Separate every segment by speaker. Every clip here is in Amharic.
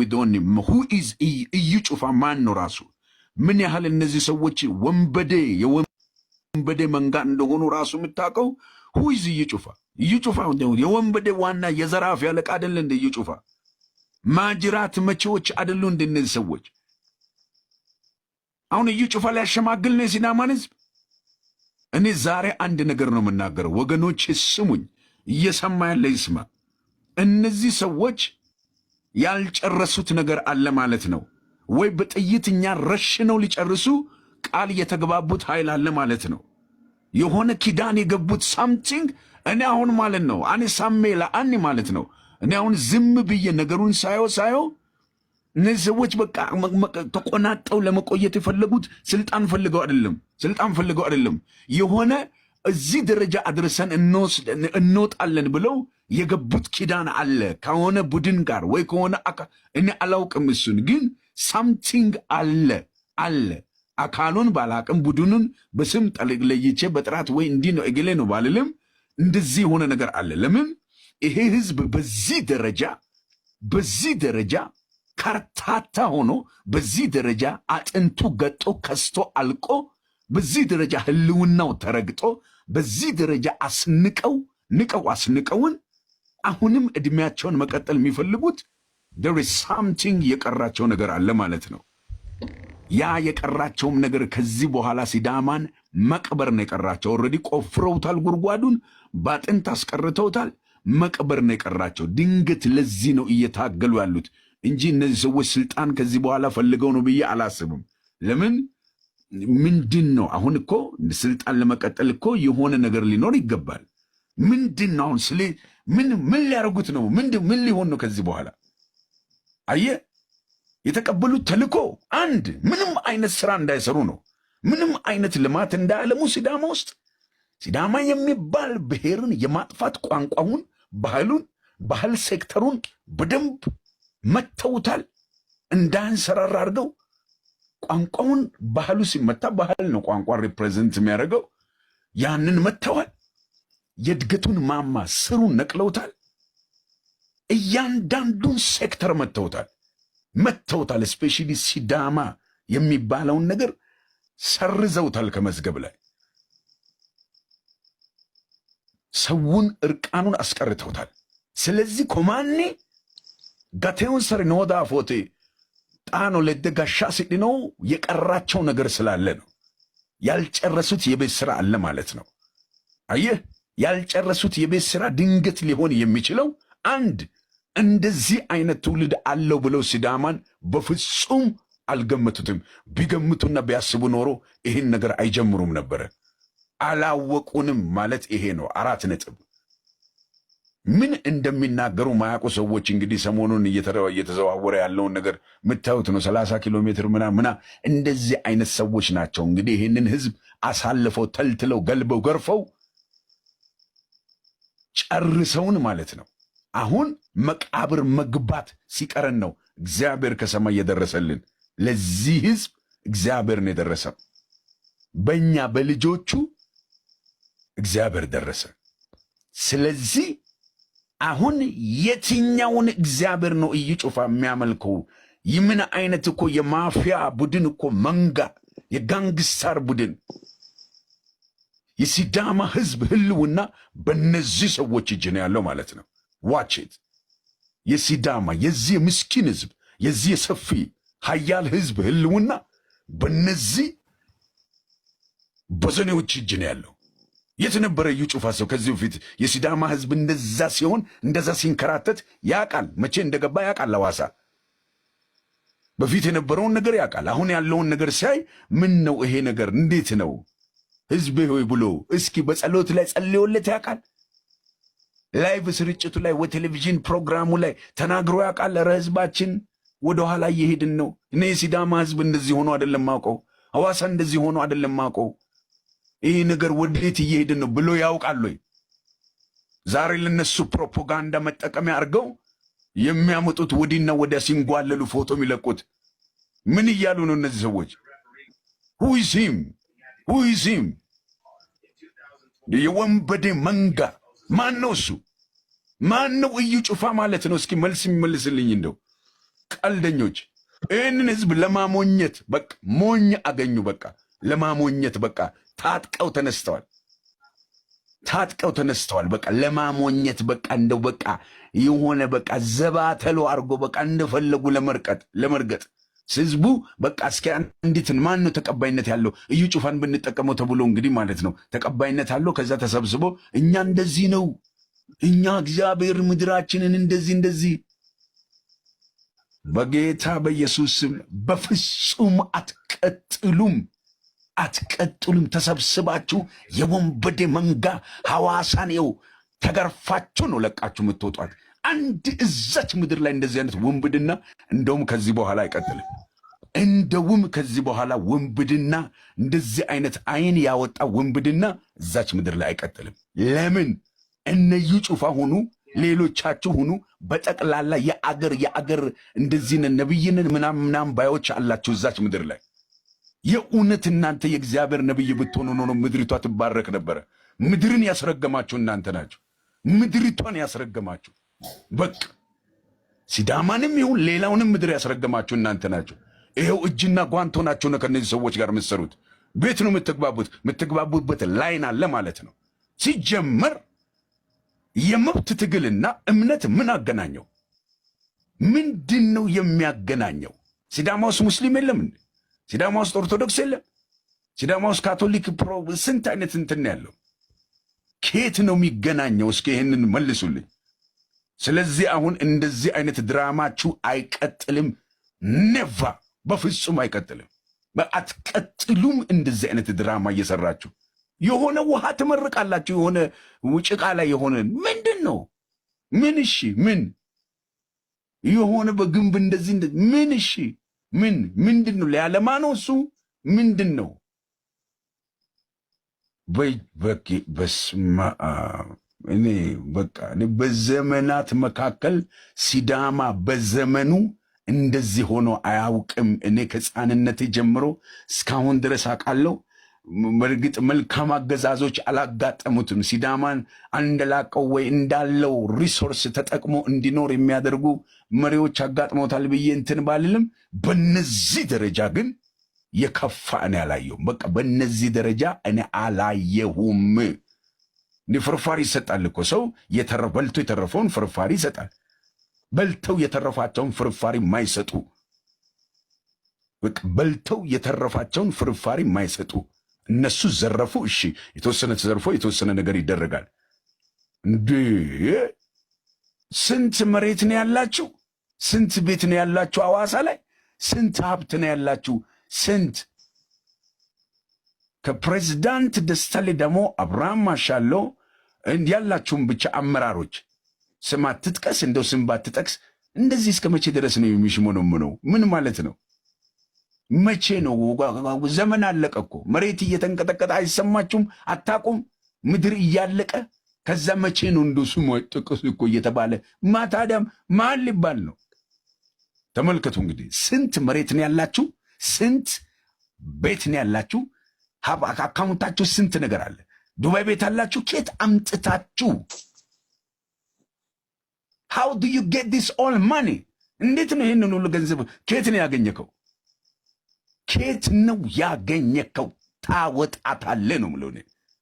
Speaker 1: ዊዶኒም ሁ ኢዝ እዩ ጩፋ ማን ነው ራሱ? ምን ያህል እነዚህ ሰዎች ወንበዴ የወንበዴ መንጋ እንደሆኑ ራሱ የምታውቀው ሁ ኢዝ እዩ ጩፋ። እዩ ጩፋ የወንበዴ ዋና የዘራፍ ያለቃ አደለ እንደ እዩ ጩፋ? ማጅራት መቼዎች አደሉ እንደ እነዚህ ሰዎች? አሁን እዩ ጩፋ ሊያሸማግል ነው የሲዳማን ህዝብ። እኔ ዛሬ አንድ ነገር ነው የምናገረው ወገኖች፣ ስሙኝ። እየሰማ ያለ ይስማ። እነዚህ ሰዎች ያልጨረሱት ነገር አለ ማለት ነው። ወይ በጥይት እኛ ረሽነው ሊጨርሱ ቃል የተገባቡት ኃይል አለ ማለት ነው። የሆነ ኪዳን የገቡት ሳምቲንግ እኔ አሁን ማለት ነው አኔ ሳሜ ለአኔ ማለት ነው እኔ አሁን ዝም ብዬ ነገሩን ሳየው ሳየው እነዚህ ሰዎች በቃ ተቆናጠው ለመቆየት የፈለጉት ስልጣን ፈልገው አይደለም፣ ስልጣን ፈልገው አይደለም የሆነ እዚህ ደረጃ አድርሰን እንወጣለን ብለው የገቡት ኪዳን አለ ከሆነ ቡድን ጋር ወይ ከሆነ እኔ አላውቅም። እሱን ግን ሳምቲንግ አለ አለ አካሉን ባላቅም ቡድኑን በስም ለይቼ በጥራት ወይ እንዲህ ነው እግሌ ነው ባልልም እንደዚህ የሆነ ነገር አለ። ለምን ይሄ ህዝብ በዚህ ደረጃ በዚህ ደረጃ ካርታታ ሆኖ በዚህ ደረጃ አጥንቱ ገጦ ከስቶ አልቆ በዚህ ደረጃ ህልውናው ተረግጦ በዚህ ደረጃ አስንቀው ንቀው አስንቀውን አሁንም እድሜያቸውን መቀጠል የሚፈልጉት ደር ሳምቲንግ የቀራቸው ነገር አለ ማለት ነው። ያ የቀራቸውም ነገር ከዚህ በኋላ ሲዳማን መቅበር ነው የቀራቸው። ኦልሬዲ ቆፍረውታል፣ ጉድጓዱን በአጥንት አስቀርተውታል። መቅበር ነው የቀራቸው። ድንገት ለዚህ ነው እየታገሉ ያሉት እንጂ እነዚህ ሰዎች ስልጣን ከዚህ በኋላ ፈልገው ነው ብዬ አላስብም። ለምን ምንድን ነው አሁን እኮ ስልጣን ለመቀጠል እኮ የሆነ ነገር ሊኖር ይገባል። ምንድን ነው አሁን ስለ ምን ምን ሊያደርጉት ነው? ምን ሊሆን ነው ከዚህ በኋላ? አየ የተቀበሉት ተልኮ አንድ ምንም አይነት ስራ እንዳይሰሩ ነው። ምንም አይነት ልማት እንዳያለሙ ሲዳማ ውስጥ ሲዳማ የሚባል ብሔርን የማጥፋት ቋንቋውን፣ ባህሉን፣ ባህል ሴክተሩን በደንብ መተውታል። እንዳንሰራራ አድርገው ቋንቋውን ባህሉ ሲመታ ባህል ነው ቋንቋ ሪፕሬዘንት የሚያደርገው። ያንን መተዋል። የእድገቱን ማማ ስሩን ነቅለውታል። እያንዳንዱን ሴክተር መተውታል መተውታል። ስፔሻሊ ሲዳማ የሚባለውን ነገር ሰርዘውታል ከመዝገብ ላይ ሰውን እርቃኑን አስቀርተውታል። ስለዚህ ኮማኔ ጋቴውን ሰር ኖዳ ፎቴ ቁጣ ለደጋሻ ሲድነው የቀራቸው ነገር ስላለ ነው። ያልጨረሱት የቤት ስራ አለ ማለት ነው። አየህ ያልጨረሱት የቤት ስራ ድንገት ሊሆን የሚችለው አንድ እንደዚህ አይነት ትውልድ አለው ብለው ሲዳማን በፍጹም አልገመቱትም። ቢገምቱና ቢያስቡ ኖሮ ይህን ነገር አይጀምሩም ነበረ። አላወቁንም ማለት ይሄ ነው። አራት ነጥብ ምን እንደሚናገሩ ማያውቁ ሰዎች እንግዲህ ሰሞኑን እየተዘዋወረ ያለውን ነገር ምታዩት ነው። ሰላሳ ኪሎ ሜትር ምና ምና እንደዚህ አይነት ሰዎች ናቸው እንግዲህ ይህንን ህዝብ አሳልፈው ተልትለው ገልበው ገርፈው ጨርሰውን ማለት ነው። አሁን መቃብር መግባት ሲቀረን ነው እግዚአብሔር ከሰማይ የደረሰልን። ለዚህ ህዝብ እግዚአብሔር ነው የደረሰው። በእኛ በልጆቹ እግዚአብሔር ደረሰ። ስለዚህ አሁን የትኛውን እግዚአብሔር ነው እዩ ጩፋ የሚያመልከው? ይምን አይነት እኮ የማፊያ ቡድን እኮ መንጋ የጋንግስታር ቡድን የሲዳማ ህዝብ ህልውና በነዚህ ሰዎች እጅ ነው ያለው ማለት ነው። ዋችት የሲዳማ የዚህ ምስኪን ህዝብ የዚህ የሰፊ ሀያል ህዝብ ህልውና በነዚህ በዘኔዎች እጅ ነው ያለው። የተነበረ እዩ ጩፋ ሰው ከዚህ በፊት የሲዳማ ህዝብ እንደዛ ሲሆን እንደዛ ሲንከራተት ያውቃል። መቼ እንደገባ ያውቃል። አዋሳ በፊት የነበረውን ነገር ያውቃል። አሁን ያለውን ነገር ሲያይ ምን ነው ይሄ ነገር እንዴት ነው ህዝቤ ሆይ ብሎ እስኪ በጸሎት ላይ ጸልዮለት ያውቃል። ላይቭ ስርጭቱ ላይ ወቴሌቪዥን ፕሮግራሙ ላይ ተናግሮ ያውቃል። ኧረ ህዝባችን ወደኋላ እየሄድን ነው። እኔ የሲዳማ ህዝብ እንደዚህ ሆኖ አይደለም ማውቀው። አዋሳ እንደዚህ ሆኖ አይደለም ማውቀው ይህ ነገር ወዴት እየሄድ ነው ብሎ ያውቃሉ ወይ? ዛሬ ለነሱ ፕሮፓጋንዳ መጠቀሚያ አድርገው የሚያመጡት ወዲና ወዲያ ሲንጓለሉ ፎቶ የሚለቁት ምን እያሉ ነው እነዚህ ሰዎች? ሁይሲም ሁይሲም የወንበዴ መንጋ ማን ነው እሱ? ማን ነው? እዩ ጩፋ ማለት ነው። እስኪ መልስ የሚመልስልኝ እንደው ቀልደኞች ይህንን ህዝብ ለማሞኘት በቃ ሞኝ አገኙ። በቃ ለማሞኘት በቃ ታጥቀው ተነስተዋል። ታጥቀው ተነስተዋል። በቃ ለማሞኘት በቃ እንደው በቃ የሆነ በቃ ዘባተሎ አድርጎ በቃ እንደፈለጉ ለመርቀጥ ለመርገጥ ህዝቡ በቃ እስኪ እንዲትን ማን ነው ተቀባይነት ያለው እዩ ጩፋን ብንጠቀመው ተብሎ እንግዲህ ማለት ነው ተቀባይነት አለው። ከዛ ተሰብስቦ እኛ እንደዚህ ነው እኛ እግዚአብሔር ምድራችንን እንደዚህ እንደዚህ በጌታ በኢየሱስ ስም በፍጹም አትቀጥሉም አትቀጥሉም። ተሰብስባችሁ የወንበዴ መንጋ ሐዋሳን የው ተገርፋችሁ ነው ለቃችሁ የምትወጧት። አንድ እዛች ምድር ላይ እንደዚህ አይነት ወንብድና እንደውም ከዚህ በኋላ አይቀጥልም። እንደውም ከዚህ በኋላ ወንብድና እንደዚህ አይነት አይን ያወጣ ወንብድና እዛች ምድር ላይ አይቀጥልም። ለምን እነዩ ጩፋ ሆኑ ሌሎቻችሁ ሁኑ በጠቅላላ የአገር የአገር እንደዚህ ነን ነብይንን ምናም ምናም ባዮች አላችሁ እዛች ምድር ላይ የእውነት እናንተ የእግዚአብሔር ነቢይ ብትሆኑ ኖሮ ምድሪቷ ትባረክ ነበረ። ምድርን ያስረገማችሁ እናንተ ናቸው? ምድሪቷን ያስረገማችሁ በቃ ሲዳማንም ይሁን ሌላውንም ምድር ያስረገማችሁ እናንተ ናቸው። ይኸው እጅና ጓንቶ ናቸው ነው ከእነዚህ ሰዎች ጋር የምትሰሩት። ቤት ነው የምትግባቡት። የምትግባቡበት ላይን አለ ማለት ነው። ሲጀመር የመብት ትግልና እምነት ምን አገናኘው? ምንድን ነው የሚያገናኘው? ሲዳማ ውስጥ ሙስሊም የለም እንዴ? ሲዳማ ውስጥ ኦርቶዶክስ የለም። ሲዳማ ውስጥ ካቶሊክ ፕሮ ስንት አይነት እንትን ያለው ከየት ነው የሚገናኘው? እስኪ ይህንን መልሱልኝ። ስለዚህ አሁን እንደዚህ አይነት ድራማችሁ አይቀጥልም። ኔቫ በፍጹም አይቀጥልም። አትቀጥሉም። እንደዚህ አይነት ድራማ እየሰራችሁ የሆነ ውሃ ትመርቃላችሁ፣ የሆነ ጭቃ ላይ የሆነ ምንድን ነው ምን? እሺ ምን የሆነ በግንብ እንደዚህ ምን? እሺ ምን ምንድን ነው? ለዓለማ ነው እሱ ምንድን ነው? በስማ እኔ በቃ በዘመናት መካከል ሲዳማ በዘመኑ እንደዚህ ሆኖ አያውቅም። እኔ ከህፃንነት ጀምሮ እስካሁን ድረስ አውቃለሁ። በእርግጥ መልካም አገዛዞች አላጋጠሙትም። ሲዳማን አንደላቀው ወይ እንዳለው ሪሶርስ ተጠቅሞ እንዲኖር የሚያደርጉ መሪዎች አጋጥመውታል ብዬ እንትን ባልልም በነዚህ ደረጃ ግን የከፋ እኔ አላየሁም። በቃ በነዚህ ደረጃ እኔ አላየሁም። እንዲህ ፍርፋሪ ይሰጣል እኮ ሰው በልቶ የተረፈውን ፍርፋሪ ይሰጣል። በልተው የተረፋቸውን ፍርፋሪ ማይሰጡ በልተው የተረፋቸውን ፍርፋሪ ማይሰጡ እነሱ ዘረፉ። እሺ የተወሰነ ተዘርፎ የተወሰነ ነገር ይደረጋል። እንዴ ስንት መሬት ነው ያላችሁ? ስንት ቤት ነው ያላችሁ? አዋሳ ላይ ስንት ሀብት ነው ያላችሁ? ስንት ከፕሬዚዳንት ደስታሌ ደግሞ አብርሃም ማሻሎ ያላችሁም ብቻ አመራሮች ስም አትጥቀስ፣ እንደው ስም ባትጠቅስ እንደዚህ እስከ መቼ ድረስ ነው የሚሽሞነምነው? ምን ማለት ነው? መቼ ነው? ዘመን አለቀ እኮ መሬት እየተንቀጠቀጠ አይሰማችሁም? አታቁም? ምድር እያለቀ ከዛ መቼ ነው እንደ ስሙ ጥቅስ እኮ እየተባለ ማ ማን ሊባል ነው? ተመልከቱ እንግዲህ ስንት መሬት ነው ያላችሁ? ስንት ቤት ነው ያላችሁ? አካውንታችሁ ስንት ነገር አለ? ዱባይ ቤት አላችሁ? ኬት አምጥታችሁ ሃው ዱ ዩ ጌት ዲስ ኦል ማኒ እንዴት ነው ይህንን ሁሉ ገንዘብ ኬት ነው ያገኘከው? ኬት ነው ያገኘከው? ታወጣታለ ነው ምለሆነ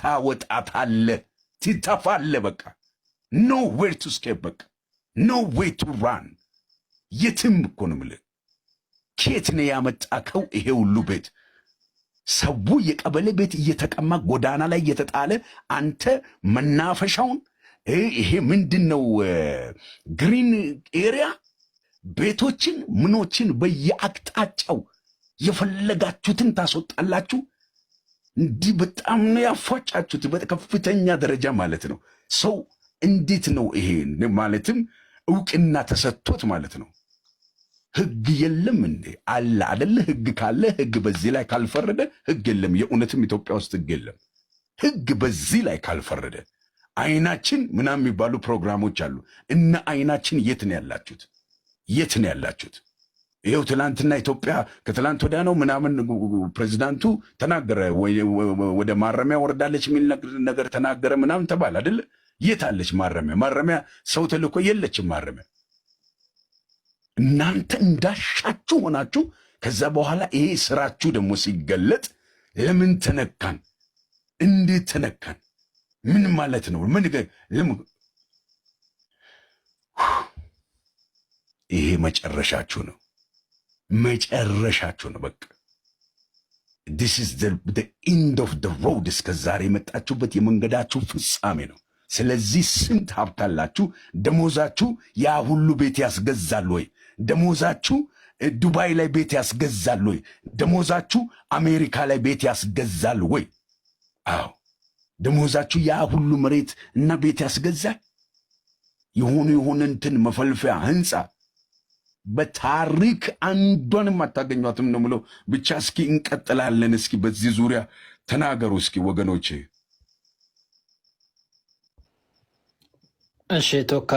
Speaker 1: ታወጣታለ፣ ትተፋለ። በቃ ኖ ዌር ቱ ስኬፕ፣ በቃ ኖ ዌይ ቱ ራን። የትም እኮ ነው ምለ ኬት ነው ያመጣከው? ይሄ ሁሉ ቤት ሰው የቀበሌ ቤት እየተቀማ ጎዳና ላይ እየተጣለ አንተ መናፈሻውን ይሄ ምንድን ነው ግሪን ኤሪያ ቤቶችን ምኖችን በየአቅጣጫው የፈለጋችሁትን ታስወጣላችሁ። እንዲህ በጣም ነው ያፏጫችሁት፣ በከፍተኛ ደረጃ ማለት ነው። ሰው እንዴት ነው ይሄን ማለትም እውቅና ተሰጥቶት ማለት ነው። ህግ የለም እንዴ? አለ አደለ? ህግ ካለ ህግ በዚህ ላይ ካልፈረደ ህግ የለም። የእውነትም ኢትዮጵያ ውስጥ ህግ የለም። ህግ በዚህ ላይ ካልፈረደ አይናችን ምናምን የሚባሉ ፕሮግራሞች አሉ። እነ አይናችን የት ነው ያላችሁት? የት ነው ያላችሁት? ይኸው ትላንትና ኢትዮጵያ ከትላንት ወዲያ ነው ምናምን ፕሬዚዳንቱ ተናገረ፣ ወደ ማረሚያ ወርዳለች የሚል ነገር ተናገረ ምናምን ተባለ አይደለ? የት አለች ማረሚያ? ማረሚያ ሰው ተልኮ የለችም ማረሚያ። እናንተ እንዳሻችሁ ሆናችሁ ከዛ በኋላ ይሄ ስራችሁ ደግሞ ሲገለጥ ለምን ተነካን? እንዴት ተነካን? ምን ማለት ነው? ምን ይሄ መጨረሻችሁ ነው። መጨረሻቸው ነው። በቃ ዲስ ኢዝ ዘ ኢንድ ኦፍ ዘ ሮድ፣ እስከ ዛሬ የመጣችሁበት የመንገዳችሁ ፍጻሜ ነው። ስለዚህ ስንት ሀብት አላችሁ? ደሞዛችሁ ያ ሁሉ ቤት ያስገዛል ወይ? ደሞዛችሁ ዱባይ ላይ ቤት ያስገዛል ወይ? ደሞዛችሁ አሜሪካ ላይ ቤት ያስገዛል ወይ? አዎ ደሞዛችሁ ያ ሁሉ መሬት እና ቤት ያስገዛል። የሆኑ የሆነ እንትን መፈልፈያ ህንፃ በታሪክ አንዷንም አታገኟትም ነው ምለው። ብቻ እስኪ እንቀጥላለን። እስኪ በዚህ ዙሪያ ተናገሩ እስኪ ወገኖች እሺ ቶካ